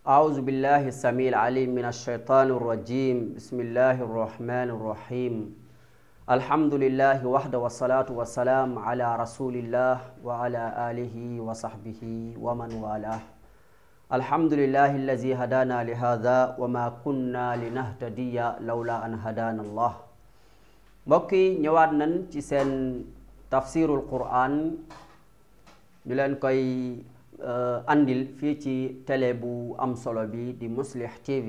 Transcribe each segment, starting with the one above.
أعوذ بالله السميع العليم من الشيطان الرجيم بسم الله الرحمن الرحيم الحمد لله وحده والصلاة والسلام على رسول الله وعلى آله وصحبه ومن والاه الحمد لله الذي هدانا لهذا وما كنا لنهتدي لولا أن هدانا الله mbokki ñëwaat nañ ci seen tafsirul Qur'an ñu leen koy Eh, andil fii ci tele bu am solo bi di Muslih TV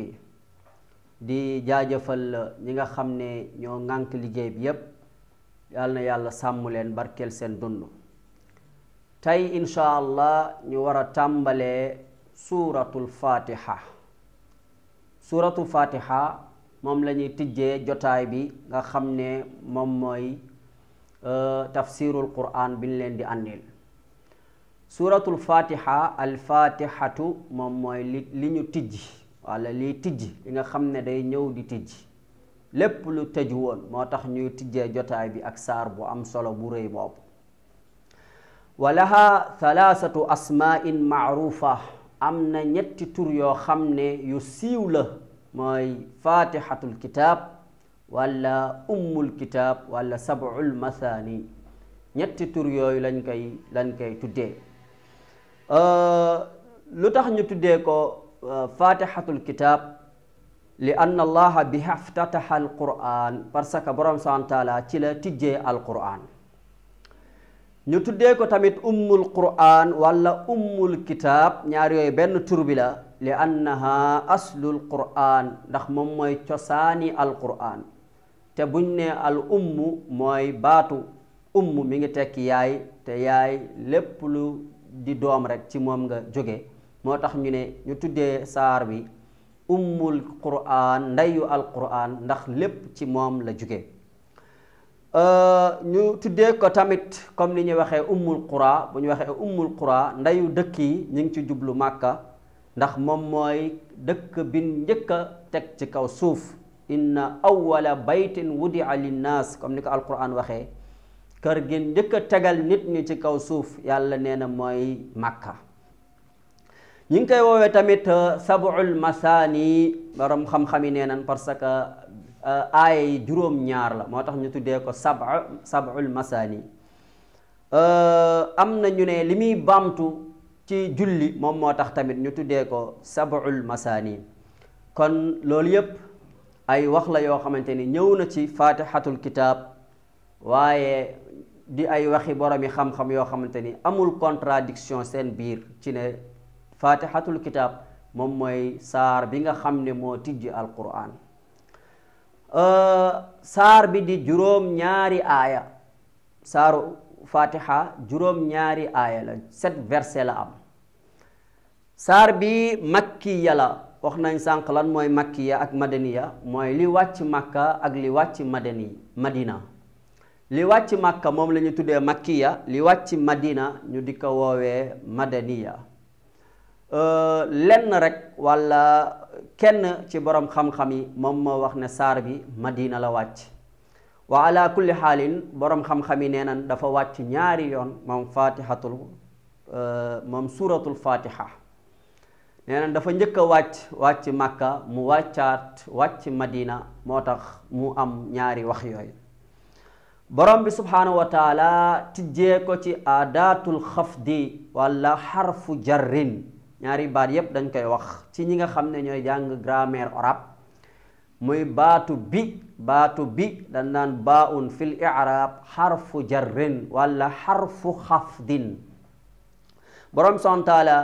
di jaajëfal ñi nga xam ne ñoo ŋànk liggéey bi yépp yal yàlla sàmm leen barkeel seen dund tey incha allah ñu war a tàmbalee suuratul fatiha suuratul fatiha moom lañuy tijjee jotaay bi nga xam ne moom mooy eh, tafsirul quran bi ñu leen di àndil suuratul fatiha al fatihatu moom mooy li li ñu tijji wala li nga xam ne day ñëw di tijji lépp lu tëj woon moo tax ñuy tijjee jotaay bi ak saar bu am solo bu rëy boobu wa laha thalaasatu asmain maarufa am na ñetti tur yoo xam ne yu siiw la mooy fatihatul kitaab wala ummul kitaab wala sab'ul mathani ñetti tur yooyu lañ koy koy tuddee Euh, lu tax ñu tuddee ko euh, fatihatul kitab li anna allaha bi iftataha al quran parce que borom subhanahu taala ci la tijjee al quran ñu tuddee ko tamit ummul quran wala ummul kitab ñaar yooyu benn tur li annaha aslul quran ndax moom mooy cosaani al te buñ ne al ummu mooy baatu ummu mi ngi tekki yaay te yay lépp di doom rek ci moom nga jóge moo tax ñu ne ñu tuddee saar bi ummul quraan ndeyu alquraan ndax lépp ci moom la jóge euh, ñu tuddee ko tamit comme ni ñuy waxee ummul qura bu ñu waxee ummul qura ndayu dëkk yi ñu ngi ci jublu màkka ndax moom mooy dëkk bi njëkk a teg ci kaw suuf inna awwala baytin wudia linnaas comme ni ko alquraan waxee kër gi njëkk a tegal nit ñi ci kaw suuf yàlla nee na mooy màkka ñi ngi koy woowee tamit euh, sab'ul masaani borom xam-xam yi nee nañ parce que euh, aaya yi juróom-ñaar la moo tax ñu tuddee ko sab sab'ul masaani euh, am na ñu ne li muy baamtu ci julli moom moo tax tamit ñu tuddee ko sab'ul masaani kon loolu yépp ay wax la yoo xamante ni ñëw na ci fatihatul kitab waaye di ay waxi boromi xam-xam yoo xamante ni amul contradiction seen biir ci ne faatixatul kitaab moom mooy saar bi nga xam ne moo tijji alquran euh, saar bi di juróom ñaari aaya saaru fatiha juróom ñaari aaya la sept verset la am saar bi makkiya la wax nañ sànq lan mooy makkiya ak madaniya mooy li wàcc makka ak li wàcc madani madina li wàcc màkka moom la tuddee makkiya li wàcc madina ñu di ko woowee madaniya euh, lenn rekk walla kenn ci boroom xam-xam yi moom moo wax ne saar bi madina la wàcc wa ala kulli xaalin borom xam-xam yi nee nan dafa wàcc ñaari yoon moom fatihatul euh, moom suuratul fatiha nee nan dafa njëkk a wàcc wàcc màkka mu wàccaat wàcc madina moo tax mu am ñaari wax yooyu borom bi subhaanahu wa ti tijjee ko ci aadaatul xafdi wala xarfu jarrin ñaari baat yépp dañ koy wax ci ñi nga xam ne ñooy jàng grammaire arabe muy baatu bi baatu bi dañ naan baaun fil i'raab xarfu jarrin wala xarfu xafdin borom subhaanahu wa taala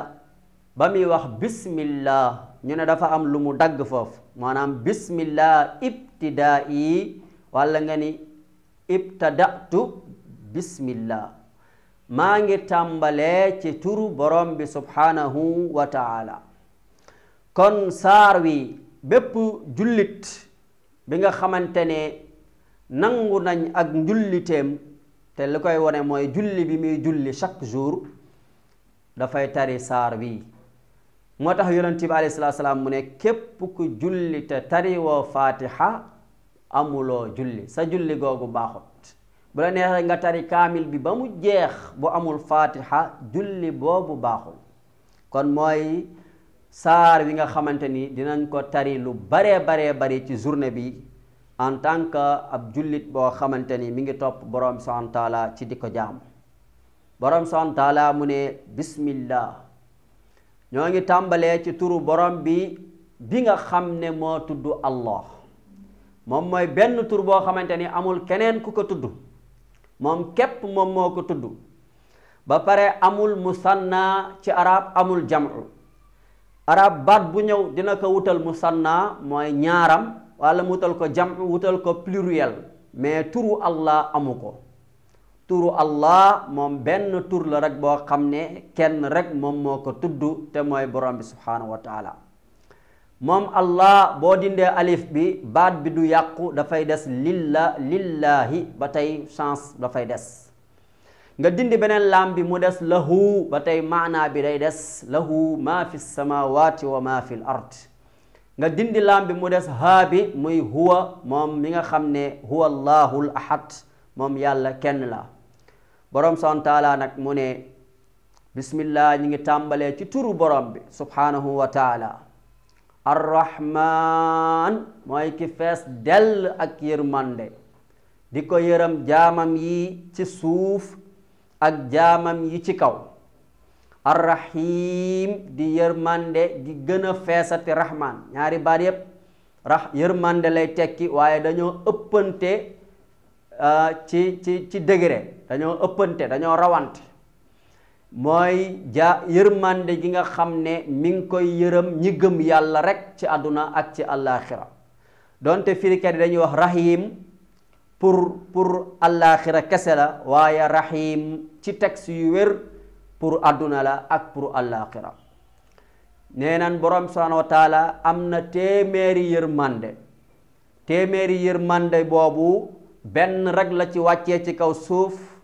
ba muy wax bismillah ñu ne dafa am lu mu dagg foofu maanaam bismillah ibtidaa yi wala nga ni ibtada'tu bismillah maa ngi tàmbalee ci turu borom bi subhanahu wa taala kon saar wi bépp jullit bi nga xamante ne nangu nañ ak njulliteem te li koy wane mooy julli bi muy julli chaque jour dafay tari saar wi moo tax yonent bi alayhi salaam mu ne képp ku julli te tari woo faatiha amuloo julli sa julli googu baaxut bu la neexee nga tari kaamil bi ba mu jeex bu amul fatiha julli boobu baaxul kon mooy saar wi nga xamante ni dinañ ko tari lu baree baree bari ci journée bi en tant que ab jullit boo xamante ni mi ngi topp borom subhanahu taala ci di ko jaam borom subhanahu taala mu ne bismillah ñoo ngi tàmbalee ci turu borom bi bi nga xam ne moo tudd Allah moom mooy benn tur boo xamante ni amul keneen ku ko tudd moom képp moom moo ko tudd ba pare amul musanna ci arab amul jam'u arab baat bu ñëw dina ko wutal musanna mooy ñaaram walla mu wutal ko jam'u wutal ko pluriel mais turu allah amu ko turu allah moom benn tur la rek boo xam ne kenn rek moom moo ko tudd te mooy borom bi subhaanahu wa taala moom allah boo dindee alif bi baat bi du yàqu dafay des lilla lillaahi ba tey chance dafay des nga dindi beneen laam bi mu des lahu ba tey maanaa bi day des lahu maa fi samawati wa maa fi ard nga dindi laam bi mu des haa bi muy huwa moom mi nga xam ne huwa allahul ahad moom yàlla kenn la boroom son taala nag mu ne bismillah ñi ngi tàmbalee ci turu borom bi subhanahu wa taala arrahman mooy ki fees dell ak yërmande di ko yëram jaamam yi ci suuf ak jaamam yi ci kaw arrahim di yërmande gi gën a feesati rahman ñaari baat yépp ra yërmande lay tekki waaye dañoo ëppante euh, ci ci ci degré dañoo ëppante dañoo rawante mooy ja yërmande gi nga xam ne mi ngi koy yërëm ñi yàlla rekk ci àdduna ak ci àllaaxira donte firikat yi dañuy wax rahim pour pour àllaaxira kese la waaye rahim ci texte yu wér pour àdduna la ak pour àllaaxira nee nan borom subhaanahu wa am na téeméeri yërmande téeméeri yërmande boobu benn rek la ci wàccee ci kaw suuf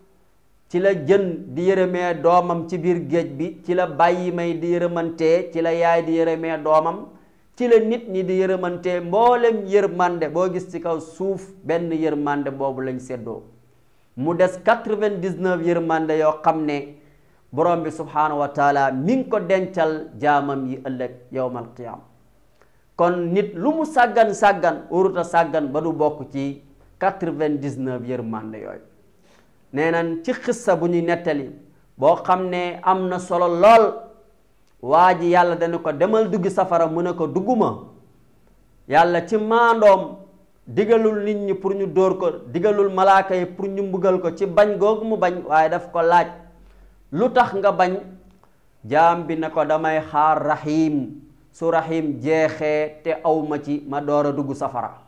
ci la jën di yërëmee doomam ci biir géej bi ci la bàyyi may di yërëmantee ci la yaay di yërëmee doomam ci la nit ñi di yërëmantee mboolem yërmande boo gis ci kaw suuf benn yërmande boobu lañ seddoo mu des quatre-vingt-dix-neuf yoo xam ne borom bi subhaanahu wa taala ko dencal jaamam yi ëllëg yowmal qiyaam kon nit lu mu sàggan sàggan uruta sàggan ba du bokk ci quatre-vingt-dix-neuf yërmande yooyu nee nan ci xissa bu ñuy nettali boo xam ne am na solo lool waa ji yàlla dana ko demal dugg safara mu ne ko dugguma yàlla ci maandoom digalul nit ñi pour ñu dóor ko digalul malaaka yi pour ñu mbugal ko ci bañ googu mu bañ waaye daf ko laaj lu tax nga bañ jaam bi ne ko damay xaar rahim su rahim jeexee te awma ci ma door a dugg safara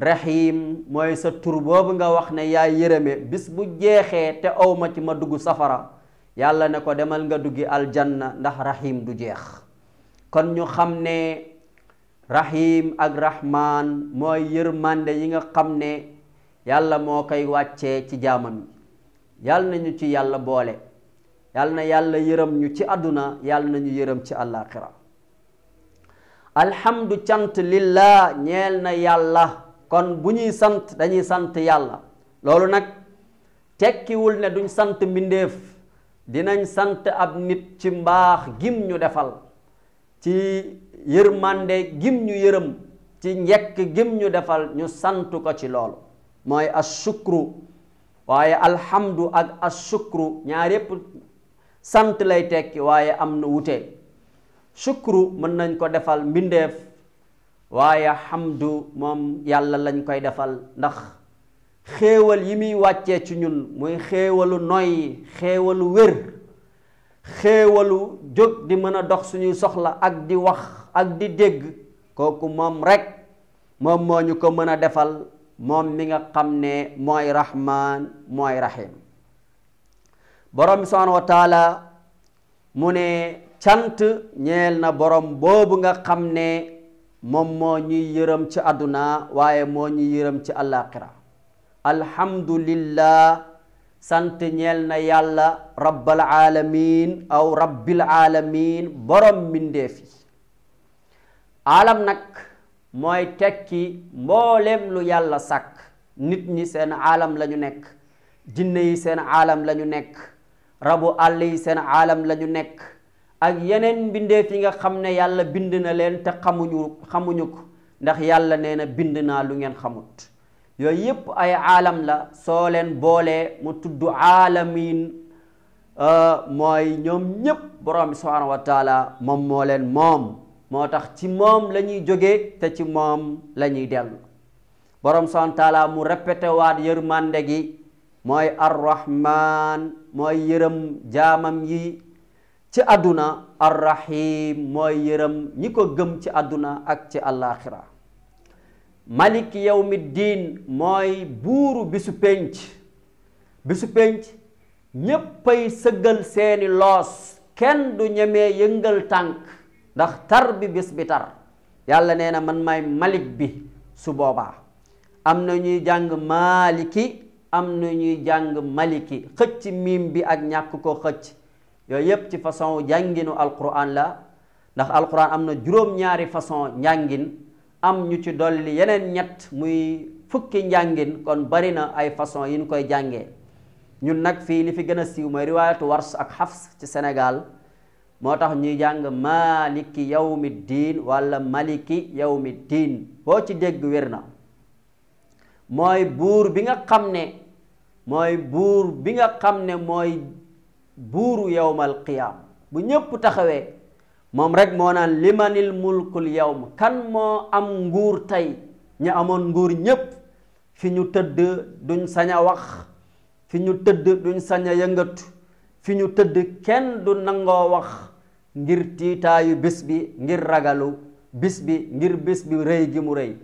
rahim mooy sa tur boobu nga wax ne yaay yërëme bis bu jeexee te awma ci ma dugg safara yàlla ne ko demal nga duggi aljanna ndax rahim du jeex kon ñu xam ne rahim ak rahman mooy yër mànde yi nga xam ne yàlla moo koy wàccee ci jaamam yi yàlla na ñu ci yàlla boole yàlla na yàlla yërëm ñu ci àdduna yàlla na ñu yërëm ci àllaaxira alhamdu cant lillah ñeel na yàlla kon bu ñuy sant dañuy sant yàlla loolu nag tekkiwul ne duñ sant mbindéef dinañ sant ab nit ci mbaax gim ñu defal ci yërmande gim ñu yërëm ci njekk gim ñu defal ñu sant ko ci loolu mooy ashukru waaye alhamdu ak ashukru ñaar yépp sant lay tekki waaye am na wutee sukru mën nañ ko defal mbindeef waaye xamdu moom yàlla lañ koy defal ndax xéewal yi muy wàccee ci ñun muy xéewalu noyyi xéewalu wér xéewalu jóg di mën a dox suñuy soxla ak di wax ak di dégg kooku moom rekk moom moo ñu ko mën a defal moom mi nga xam ne mooy rahmaan mooy rahim borom bi mu ne cant ñeel na boroom boobu nga xam ne moom moo ñuy yërëm ci àdduna waaye moo ñuy yërëm ci àllaaxira alhamdulillah sant ñeel na yàlla rabbal alamin aw rabbil alamin borom mbindeef yi alam nag mooy tekki mboolem lu yàlla sàkk nit ñi seen alam lañu nekk jinne yi seen alam lañu nekk rabu àll yi seen alam lañu nekk ak yeneen mbindeef yi nga xam ne yàlla bind na leen te xamuñu xamuñu ko ndax yàlla nee na bind naa lu ngeen xamut yooyu yépp ay alam la soo leen boolee mu tudd aalamin euh, mooy ñoom ñépp borom bi subhaanahu wa taala moom moo tax ci moom la ñuy jógee te ci moom la ñuy dellu borom subhaanahu mu répété waat yërmande gi mooy arrahman mooy yërëm jaamam yi ci àdduna arrahim mooy yërëm ñi ko gëm ci àdduna ak ci àllaaxira malik yawmi mooy buuru bisu pénc bisu pénc ñéppay sëggal seeni loos kenn du ñemee yëngal tànk ndax tar bi bis bi tar yàlla nee na man maay malik bi su boobaa am na ñuy jàng maaliki am na ñuy jàng maliki xëcc miim bi ak ñàkk ko xëcc yooyu yépp ci façon jànginu alquran la ndax alquran am na juróom-ñaari façon njàngin am ñu ci dolli yeneen ñett muy fukki njàngin kon bari na ay façon yi ñu koy jànge ñu nag fii li fi gën a siiw mooy riwaayatu wars ak xafs ci Sénégal moo tax ñuy jàng maliki yawmi diin wala maliki yawmi diin boo ci dégg wér na mooy buur bi nga xam ne mooy buur bi nga xam ne mooy buuru yowmal qiyaam bu ñépp taxawee moom rekk moo naan limanil mulkul yowm kan moo am nguur tey ñu amoon nguur ñépp fi ñu tëdd duñ sañ a wax fi ñu tëdd duñ sañ a yëngatu fi ñu tëdd kenn du nangoo wax ngir tiitaayu bis bi ngir ragalu bis bi ngir bis bi rëy gi mu rëy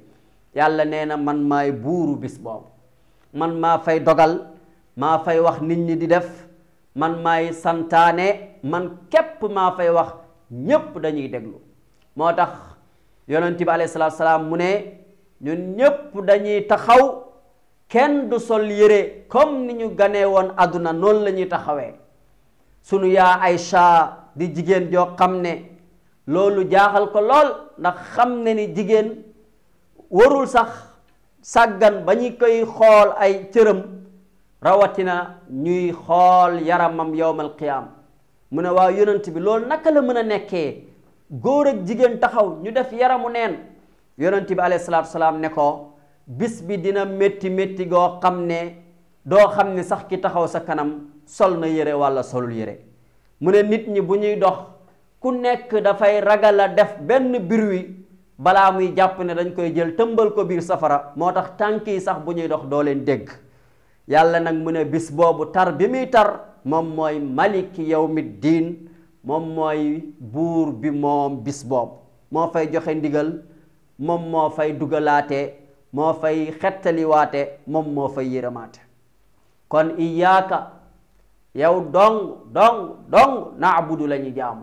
yàlla nee na man maay buuru bis boobu man maa fay dogal maa fay wax nit ñi di def man maay santaane man képp maa fay wax ñépp dañuy déglu moo tax yonent bi alayhi salaatu salaam mu ne ñun ñépp dañuy taxaw kenn du sol yére comme ni ñu gane woon àdduna noonu la ñuy taxawee sunu yaa ay Aïcha di jigéen joo xam ne loolu jaaxal ko lool ndax xam ne ni jigéen warul sax sàggan ba ñu koy xool ay cëram rawatina ñuy xool yaramam yowmal qiyaam mu ne waaw yonent bi loolu naka la mën a nekkee góor ak jigéen taxaw ñu def yaramu neen yonent bi alayhi salaatu salaam ne ko bis bi dina métti métti goo xam ne doo xam ne sax ki taxaw sa kanam sol na yére walla solul yére mu ne nit ñi bu ñuy dox ku nekk dafay ragal def benn wi balaa muy jàpp ne dañ koy jël tëmbal ko biir safara moo tax tànk yi sax bu ñuy dox doo leen dégg yàlla nag mu ne bis boobu tar bi muy tar moom mooy malik yawmi diin moom mooy buur bi moom bis boobu moo fay joxe ndigal moom moo fay dugalaate moo fay xettaliwaate moom moo fay yërëmaate kon iyaaka yow dong dong dong naabudu la ñu jaamu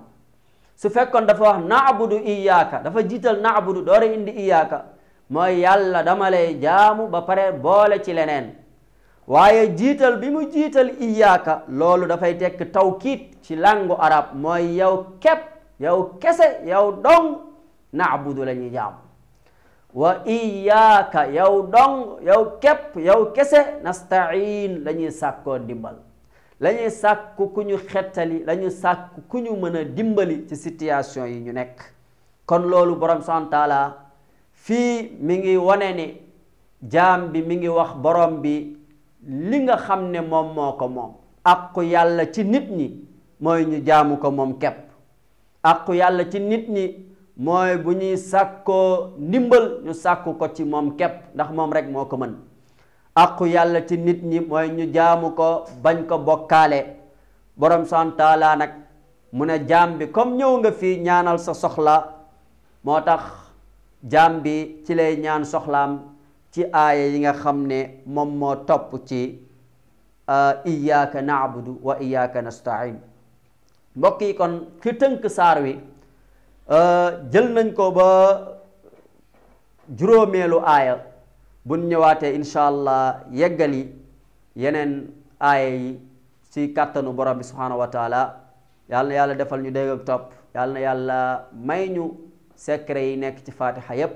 su fekkoon dafa wax naabudu iyaaka dafa jiital naabudu doora indi iyaaka mooy yàlla dama lay jaamu ba pare boole ci leneen waaye jiital bi mu jiital iyaaka loolu dafay tekk tawkiit ci langu arab mooy yow képp yow kese yow dong naabudu la ñuy jaam wa iyaaka yow dong yow kepp yow kese nastain la ñuy sàkkoo dimbal la ñuy sàkku ku ñu xettali la ñu ku ñu mën a dimbali ci situation yi ñu nekk kon loolu borom subhaanahu wa taala fii mi ngi wane ni jaam bi mi ngi wax borom bi li nga xam ne moom moo ko moom àqu yàlla ci nit ñi mooy ñu jaamu ko moom kepp àqu yàlla ci nit ñi mooy bu ñuy sàkkoo ndimbal ñu sàkku ko ci moom kepp ndax moom rekk moo ko mën akku yàlla ci nit ñi mooy ñu jaamu ko bañ ko bokkaale borom subhaanahu taala nag mu ne jaam bi comme ñëw nga fi ñaanal sa soxla moo tax jaam bi ci lay ñaan soxlaam ci aaya yi nga xam ne moom moo topp ci uh, iyaaka naabudu wa iyaaka nastain mbokk yi kon ki tënk saar wi uh, jël nañ ko ba juróomeelu aaya buñ ñëwaatee incha allah yeggali yeneen aaya yi si kattanu borom bi subhaanahu wa taala yàlla yàlla defal ñu dégg ak topp yàlla yàlla may ñu secret yi nekk ci fatiha yépp